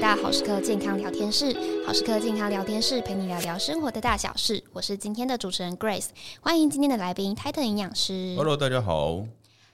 大家好，時刻健康聊天室，好時刻健康聊天室好時刻，健康聊天室陪你聊聊生活的大小事。我是今天的主持人 Grace，歡迎今天的來賓，Titan 營養師。Hello，大家好。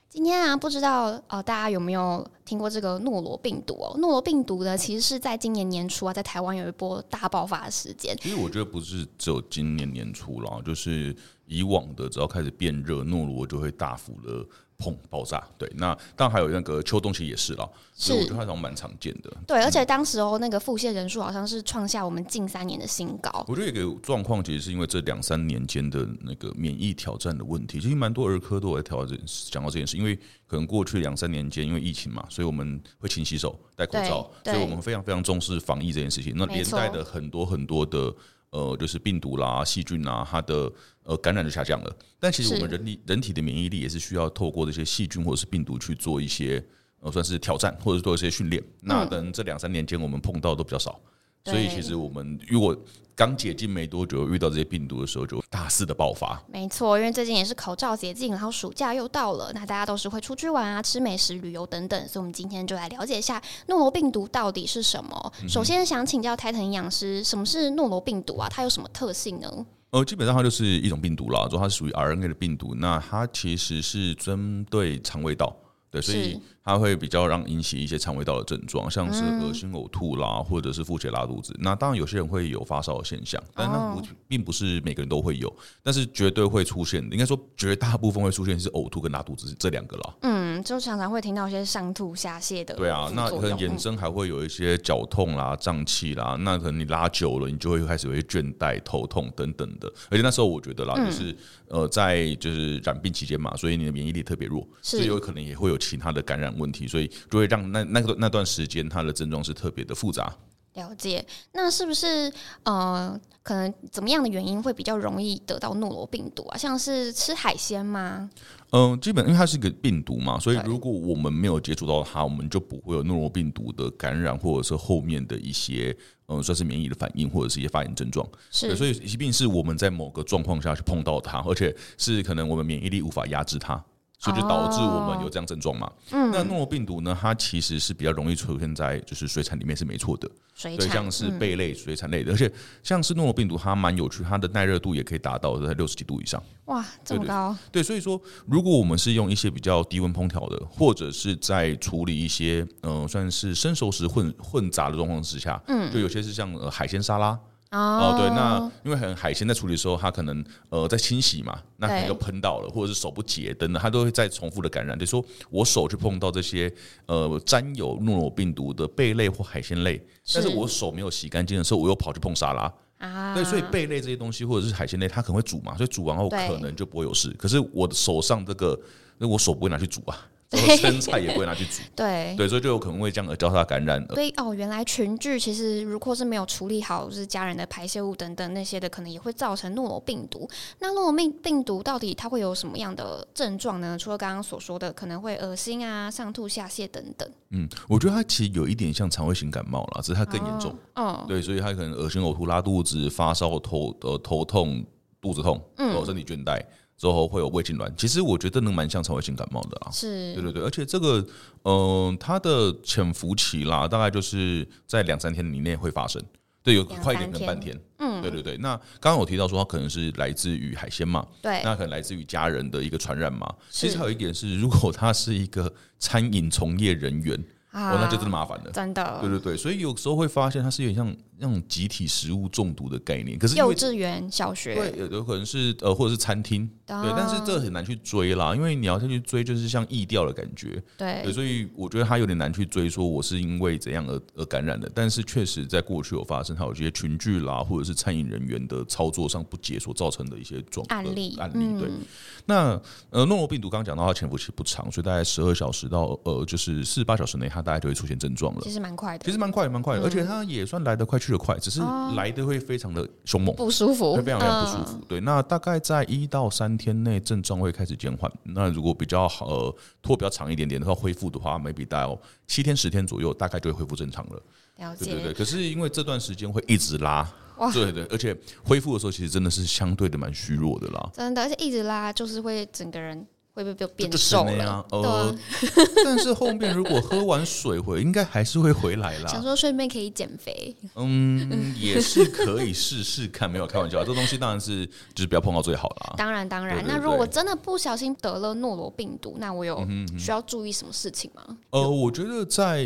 今天啊，不知道哦，大家有沒有聽過這個諾羅病毒哦？諾羅病毒呢，其實是在今年年初啊，在台灣有一波大爆發的時間。其實我覺得不是只有今年年初啦，就是。以往的只要開始變熱，諾羅就會大幅的砰爆炸。對，那但還有那個秋冬其實也是了，所以我覺得這種蠻常見的。對，嗯、而且當時哦，那個腹瀉人數好像是創下我們近三年的新高。我覺得一個狀況其實是因為這兩三年間的那個免疫挑戰的問題，其實蠻多兒科都有在討講到這件事，因為可能過去兩三年間因為疫情嘛，所以我們會勤洗手、戴口罩，對 所以我們非常非常重視防疫這件事情。那連帶的很多很多的。呃，就是病毒啦、細菌啦，它的呃感染就下降了。但其實我們人體人體的免疫力也是需要透過這些細菌或者是病毒去做一些呃算是挑戰，或者是做一些訓練。那等這兩三年間，我們碰到的都比較少。是嗯嗯對 所以其實我們如果剛解禁沒多久，遇到這些病毒的時候，就大肆的爆發。嗯、沒錯，因為最近也是口罩解禁，然後暑假又到了，那大家都是會出去玩啊、吃美食、旅遊等等，所以我們今天就來了解一下諾羅病毒到底是什麼。首先想請教 Titan 營養師，什麼是諾羅病毒啊？它有什麼特性呢？嗯、哼 呃，基本上它就是一種病毒啦，就它是屬於 RNA 的病毒，那它其實是針對腸胃道的，所以。它會比較讓引起一些腸胃道的症狀，像是噁心、嘔吐啦，或者是腹瀉、拉肚子。嗯、那當然有些人會有發燒的現象，但是那不、哦、並不是每個人都會有，但是絕對會出現，應該說絕大部分會出現是嘔吐跟拉肚子這兩個啦。嗯，就常常會聽到一些上吐下瀉的。對啊，那可能延伸還會有一些絞痛啦、脹氣啦。那可能你拉久了，你就會開始會倦怠、頭痛等等的。而且那時候我覺得啦，就、嗯、是呃，在就是染病期間嘛，所以你的免疫力特別弱，所以是有可能也會有其他的感染。問題，所以就會讓那那個那段時間，它的症狀是特別的複雜。了解，那是不是呃，可能怎麼樣的原因會比較容易得到諾羅病毒啊？像是吃海鮮嗎？嗯、呃，基本因為它是一個病毒嘛，所以如果我們沒有接觸到它，我們就不會有諾羅病毒的感染，或者是後面的一些嗯、呃，算是免疫的反應，或者是一些發炎症狀。是，所以疾病是我們在某個狀況下去碰到它，而且是可能我們免疫力無法壓制它。所以就導致我們有這樣症狀嘛、哦？嗯，那諾羅病毒呢？它其實是比較容易出現在就是水產裡面是沒錯的，水產像是貝類、嗯、水產類的，而且像是諾羅病毒，它蠻有趣，它的耐熱度也可以達到在六十幾度以上。哇，這麼高！對,對,對，所以說如果我們是用一些比較低溫烹調的，或者是在處理一些嗯、呃、算是生熟食混混雜的狀況之下，嗯，就有些是像、呃、海鮮沙拉。哦、oh 呃，對，那因為很海鮮在處理的時候，他可能呃在清洗嘛，那可能就噴到了，對或者是手不潔等等，他都會再重複的感染。就是、說我手去碰到這些呃沾有諾羅病毒的貝類或海鮮類，是但是我手沒有洗乾淨的時候，我又跑去碰沙拉啊、ah。所以貝類這些東西或者是海鮮類，它可能會煮嘛，所以煮完後可能就不會有事。對可是我的手上這個，那我手不會拿去煮啊。 生菜也不會拿去煮。對，對，對，對，所以就有可能會這樣而交叉感染對。所以哦，原來群聚其實如果是沒有處理好，就是家人的排泄物等等那些的，可能也會造成諾羅病毒。那諾羅病病毒到底它會有什麼樣的症狀呢？除了剛剛所說的，可能會噁心啊、上吐下瀉等等。嗯，我覺得它其實有一點像腸胃型感冒了，只是它更嚴重哦。哦，對，所以它可能噁心、嘔吐、拉肚子、發燒、頭呃頭痛、肚子痛，嗯，身體倦怠。之後會有胃痙攣，其實我覺得能蠻像腸胃型感冒的啊，是，對對對，而且這個，嗯、呃，它的潛伏期啦，大概就是在兩三天以內會發生，對，有快一點跟半天，天嗯，對對對。那剛剛我提到說，它可能是來自於海鮮嘛，對，那可能來自於家人的一個傳染嘛。是 其實還有一點是，如果他是一個餐飲從業人員。哦、那就真的麻煩了、啊，真的，對對對，所以有時候會發現它是有點像那種集體食物中毒的概念。可是幼稚園、小學，對，有有可能是呃，或者是餐廳，啊、對。但是這很難去追啦，因為你要先去追，就是像疫調的感覺，對，對。所以我覺得它有點難去追，說我是因為怎樣而而感染的。但是確實在過去有發生，還有這些群聚啦，或者是餐飲人員的操作上不潔所造成的一些狀案例、呃、案例。對。嗯、那呃，諾羅病毒剛剛講到，它潛伏期不長，所以大概十二小時到呃，就是四十八小時內它，大概就會出現症狀了，其實蠻快，快的，其實蠻快蠻快，而且它也算來得快去得快，嗯、只是來的會非常的凶猛，不舒，不舒服，會非常非常不舒服。對，那大概在一到三天內症狀會開始減緩，那如果比較好、呃、拖比較長一點點然後恢復的話，maybe 哦、七天十天左右，大概就會恢復正常了。了解，對對對。可是因為這段時間會一直拉，哇 對，對對，而且恢復的時候其實真的是相對的蠻虛弱的啦，真的，而且一直拉就是會整個人。會不會變瘦了？對、呃呃、但是後面如果喝完水回，應該還是會回來啦。 想說順便可以減肥，嗯，也是可以試試看。沒有開玩笑， 這東西當然是就是不要碰到最好啦。當然當然，對對對，那如果我真的不小心得了諾羅病毒，那我有需要注意什麼事情嗎？呃，我覺得在，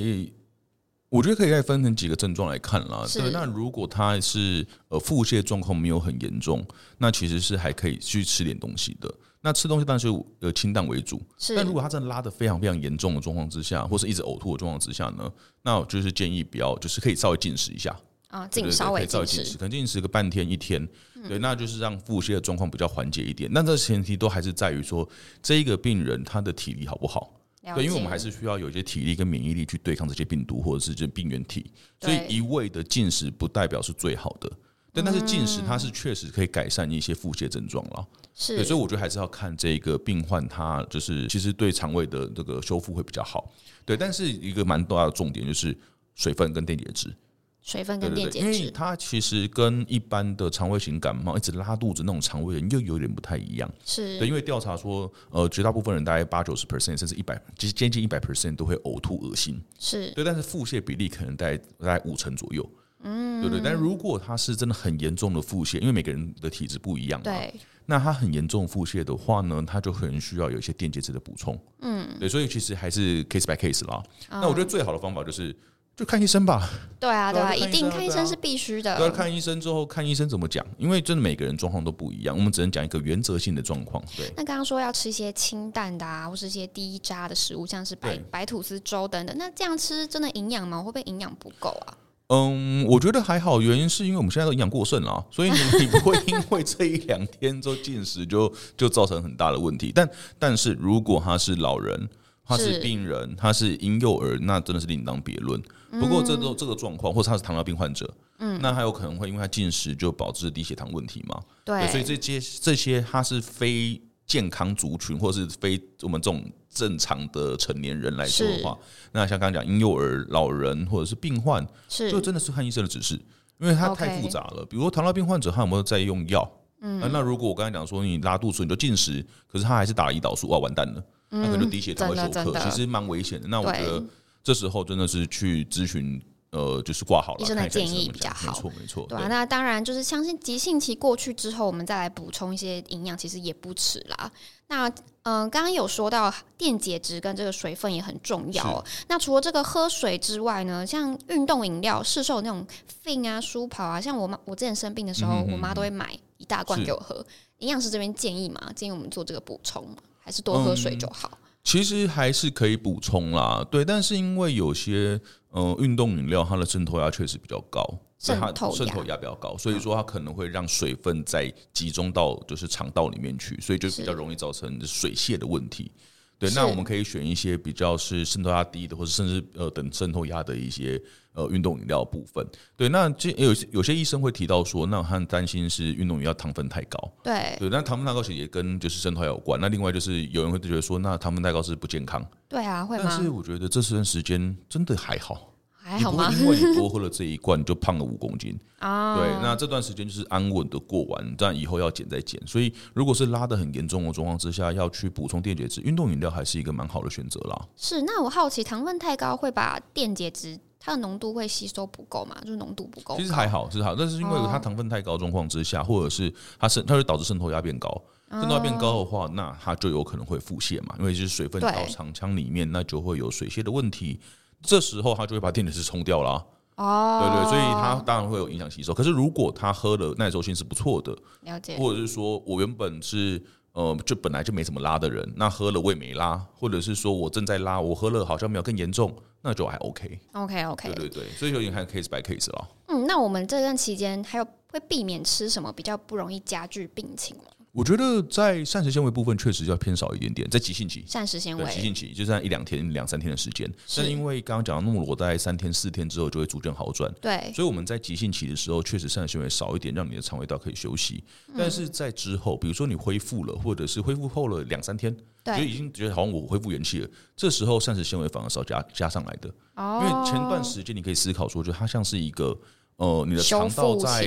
我覺得可以再分成幾個症狀來看啦。是，那如果他是呃腹瀉狀況沒有很嚴重，那其實是還可以去吃點東西的。那吃東西當然是呃清淡為主，是但如果他在拉得非常非常嚴重的狀況之下，或是一直嘔吐的狀況之下呢，那我就是建議不要，就是可以稍微禁食一下啊，禁，對對對，可以稍微禁食，禁食可能禁食個半天一天，嗯、對，那就是讓腹瀉的狀況比較緩解一點。那這前提都還是在於說，這個病人他的體力好不好？解對，因為我們還是需要有些體力跟免疫力去對抗這些病毒或者是這病原體，對所以一味的禁食不代表是最好的，但、嗯、但是禁食它是確實可以改善一些腹瀉症狀了。是 所以我覺得還是要看這一個病患，他就是其實對腸胃的那個修復會比較好。對，但是一個蠻大的重點就是水分跟電解質，水分跟電解質，因為它其實跟一般的腸胃型感冒、一直拉肚子那種腸胃炎又有點不太一樣。是，對，因為調查說，呃，絕大部分人，大概八九十 percent，甚至一百，其實接近一百 percent 都會嘔吐噁心。是，對，但是腹瀉比例可能在在五成左右。嗯，對對，但如果他是真的很嚴重的腹瀉，因為每個人的體質不一樣嘛，對，那他很嚴重腹瀉的話呢，他就很需要有一些電解質的補充。嗯，對，所以其實還是 case by case 啦。嗯、那我覺得最好的方法就是就看醫生吧。對啊，對啊，對啊啊一定看醫生是必須的。要、啊、看醫生之後，看醫生怎麼講，因為真的每個人狀況都不一樣，我們只能講一個原則性的狀況。對，那剛剛說要吃一些清淡的啊，或是一些低渣的食物，像是白對白吐司粥等等，那這樣吃真的營養嗎？會不會營養不夠啊？嗯，我覺得還好，原因是因為我們現在都營養過剩了，所以你你不會因為這一兩天就禁食就 就造成很大的問題。但但是如果他是老人，他是病人，是他是嬰幼兒，那真的是另當別論。嗯、不過這都這個狀況，或者他是糖尿病患者，嗯，那他有可能會因為他禁食就導致低血糖問題嘛？對，對，所以這些這些他是非。健康族群或是非我們這種正常的成年人來說的話，是那像剛才講嬰幼兒、老人或者是病患，是就真的是看醫生的指示，因為它太複雜了。Okay 比如說糖尿病患者他有沒有在用藥？嗯，那如果我剛才講說你拉肚子你就禁食，可是他還是打胰島素，哇，完蛋了，嗯、那可能就低血糖會休克，真的真的其實蠻危險的。那我覺得這時候真的是去諮詢。呃，就是掛號了。醫生的建議比較好，沒錯沒錯。對啊、對，那當然就是相信急性期過去之後，我們再來補充一些營養，其實也不遲啦。那嗯，呃，剛剛有說到電解質跟這個水分也很重要。是那除了這個喝水之外呢，像運動飲料，市售那種 FIN 啊、舒跑啊，像我媽我之前生病的時候，嗯嗯嗯，我媽都會買一大罐給我喝。是營養師這邊建議嘛，建議我們做這個補充，還是多喝水就好？嗯其實還是可以補充啦，對，但是因為有些嗯，呃，運動飲料它的滲透壓確實比較高，滲透滲透壓比較高，所以說它可能會讓水分再集中到就是腸道裡面去，所以就比較容易造成水瀉的問題。是 對，那我們可以選一些比較是滲透壓低的，或者甚至呃等滲透壓的一些呃運動飲料部分。對，那這有些有些醫生會提到說，那他擔心是運動飲料糖分太高。對，對，那糖分太高其實也跟就是滲透壓有關。那另外就是有人會覺得說，那糖分太高是不健康。對啊，會嗎？但是我覺得這段時間真的還好。還好嗎？你不會因為你多喝了這一罐就胖了五公斤啊。對，那這段時間就是安穩的過完，但以後要減再減。所以，如果是拉得很嚴重的狀況之下，要去補充電解質，運動飲料還是一個蠻好的選擇啦。是，那我好奇，糖分太高會把電解質它的濃度會吸收不夠嘛？就是濃度不夠。其實還好，是好，但是因為它糖分太高狀況之下，或者是它滲，它會導致滲透壓變高。滲透壓變高的話，啊、那它就有可能會腹瀉嘛？因為就是水分到腸腔裡面，對那就會有水瀉的問題。這時候他就會把電解質沖掉了哦，對對，所以他當然會有影響吸收。可是如果他喝了，耐受性是不錯的，了解，或者是說我原本是呃就本來就沒怎麼拉的人，那喝了我也沒拉，或者是說我正在拉，我喝了好像沒有更嚴重，那就還 OK，OK OK，哦，okay, okay 對對，所以有點看 case by case 了。嗯，那我們這段期間還有會避免吃什麼比較不容易加劇病情嗎？我覺得在膳食纖維部分確實要偏少一點點，在急性期，膳食纖維對急性期，就算一兩天、兩三天的時間，是，但是因為剛剛講到諾羅大概三天四天之後就會逐漸好轉。對，所以我們在急性期的時候，確實膳食纖維少一點，讓你的腸胃道可以休息。但是在之後，嗯、比如說你恢復了，或者是恢復後了兩三天，覺得對已經覺得好像我恢復元氣了，這時候膳食纖維反而少加加上來的。哦、因為前段時間你可以思考說，就它像是一個呃，你的腸道在。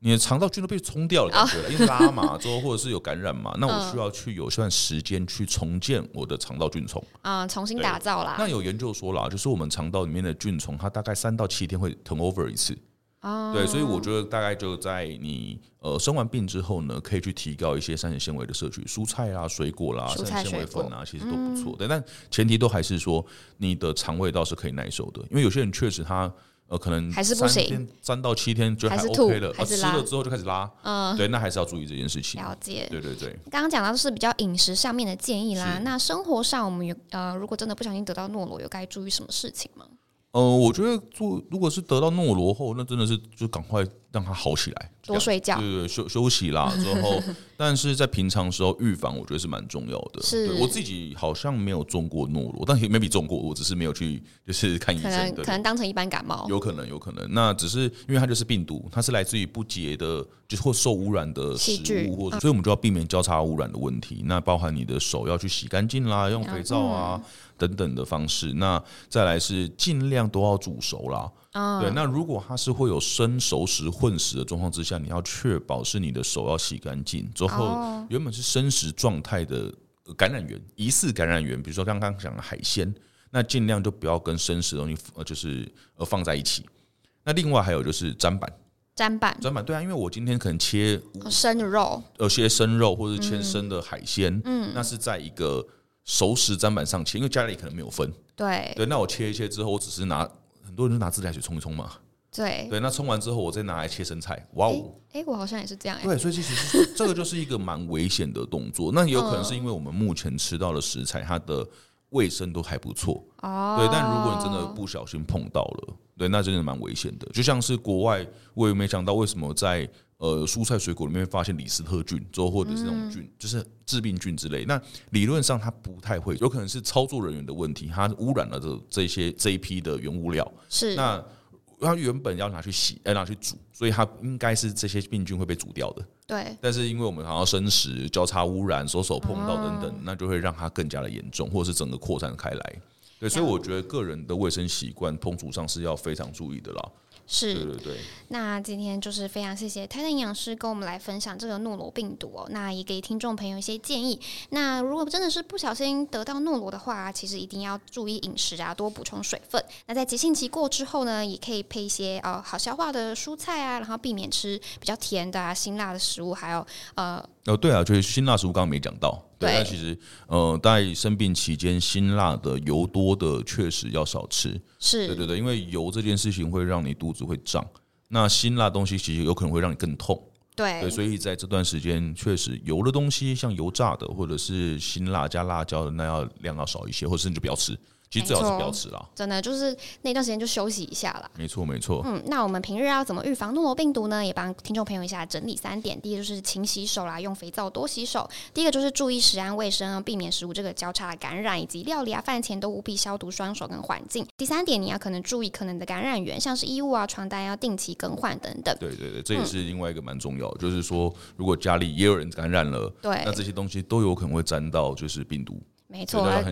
你的腸道菌都被沖掉了，oh、因為拉嘛， 之後或者是有感染嘛，那我需要去有一段時間去重建我的腸道菌叢啊，uh, 重新打造啦。那有研究說了，就是我們腸道裡面的菌叢它大概三到七天會 turn over 一次，oh、對，所以我覺得大概就在你呃生完病之後呢，可以去提高一些膳食纖維的攝取，蔬菜啦、啊、水果啦、啊、菜膳食纖維粉啊，對 其實都不錯。但、嗯、但前提都還是說你的腸胃倒是可以耐受的，因為有些人確實他。呃，可能三天還是不行，三到七天覺得還 OK 的、呃，吃了之後就開始拉，嗯，對，那還是要注意這件事情。了解，對對對，剛剛講到的是比較飲食上面的建議啦。是那生活上我們有呃，如果真的不小心得到諾羅，有該注意什麼事情嗎？呃，我覺得做如果是得到諾羅後，那真的是就趕快。讓它好起來，多睡覺，對休休息啦。之後， 但是在平常的時候預防，我覺得是蠻重要的。是我自己好像沒有中過諾羅，但是沒 a 中過，我只是沒有去就是看醫生，可能對可能當成一般感冒，有可能有可能。那只是因為它就是病毒，它是來自於不潔的，就是或是受污染的食物，劇或所以我們就要避免交叉污染的問題。那包含你的手要去洗乾淨啦，用肥皂啊、嗯、等等的方式。那再來是儘量都要煮熟啦。對，那如果它是會有生熟食混食的狀況之下，你要確保是你的手要洗乾淨之後，原本是生食狀態的感染源，疑似感染源，比如說剛剛講的海鮮，那儘量就不要跟生食的東西呃，就是呃放在一起。那另外還有就是砧板，砧板，砧板對啊，因為我今天可能切生的肉，呃，切生肉或者切生的海鮮，嗯，那是在一個熟食砧板上切，因為家裡可能沒有分，對，對，那我切一切之後，我只是拿。很多人就拿自來水沖一沖嘛，對對，那沖完之後我再拿來切生菜，哇、wow、哦，哎、欸欸，我好像也是這樣、欸，對，所以其實是這個就是一個蠻危險的動作， 那也有可能是因為我們目前吃到的食材它的衛生都還不錯，哦，對，但如果你真的不小心碰到了。對，那真的蠻危險的。就像是國外，我也沒想到為什麼在呃蔬菜水果裡面發現李斯特菌，之後或者是那種菌，嗯、就是致病菌之類。那理論上它不太會，有可能是操作人員的問題，它污染了這這些這一批的原物料。是，那它原本要拿去洗，呃、拿去煮，所以它應該是這些病菌會被煮掉的。對。但是因為我們好像生食，交叉污染，手手碰到等等，哦、那就會讓它更加的嚴重，或是整個擴散開來。對，所以我覺得個人的衛生習慣，後烹煮上，是要非常注意的啦。是，對對對。那今天就是非常謝謝 Titan 營養師跟我們來分享這個諾羅病毒哦，那也給聽眾朋友一些建議。那如果真的是不小心得到諾羅的話，其實一定要注意飲食啊，多補充水分。那在急性期過之後呢，也可以配一些呃好消化的蔬菜啊，然後避免吃比較甜的啊、辛辣的食物，還有呃。哦，對啊，就是辛辣食物，剛剛沒講到。對，那對其實，呃，在生病期間，辛辣的、油多的，確實要少吃。是，對對對，因為油這件事情會讓你肚子會脹。那辛辣東西其實有可能會讓你更痛。對，對，所以在這段時間，確實油的東西，像油炸的或者是辛辣加辣椒的，那要量要少一些，或者是你就不要吃。其實最好是不要吃啦，真的就是那段時間就休息一下啦。沒錯，沒錯。嗯，那我們平日要怎麼預防諾羅病毒呢？也幫聽眾朋友一下整理三點：第一就是勤洗手啦，用肥皂多洗手；第一個就是注意食安衛生啊，避免食物這個交叉的感染，以及料理啊飯前都務必消毒雙手跟環境。第三點，你要可能注意可能的感染源，像是衣物啊床單要定期更換等等。對對對，這也是另外一個蠻重要，嗯、就是說如果家裡也有人感染了，對，那這些東西都有可能會沾到，就是病毒。沒錯，啊，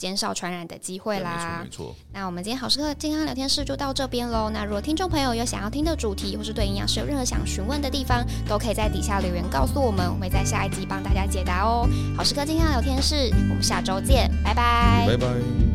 減少傳染的機會啦。沒錯，沒。那我們今天好食客健康聊天室就到這邊嘍。那如果聽眾朋友有想要聽的主題，或是對營養師有任何想詢問的地方，都可以在底下留言告訴我們，我會在下一集幫大家解答哦。好食客健康聊天室，我們下周見，拜拜。拜拜。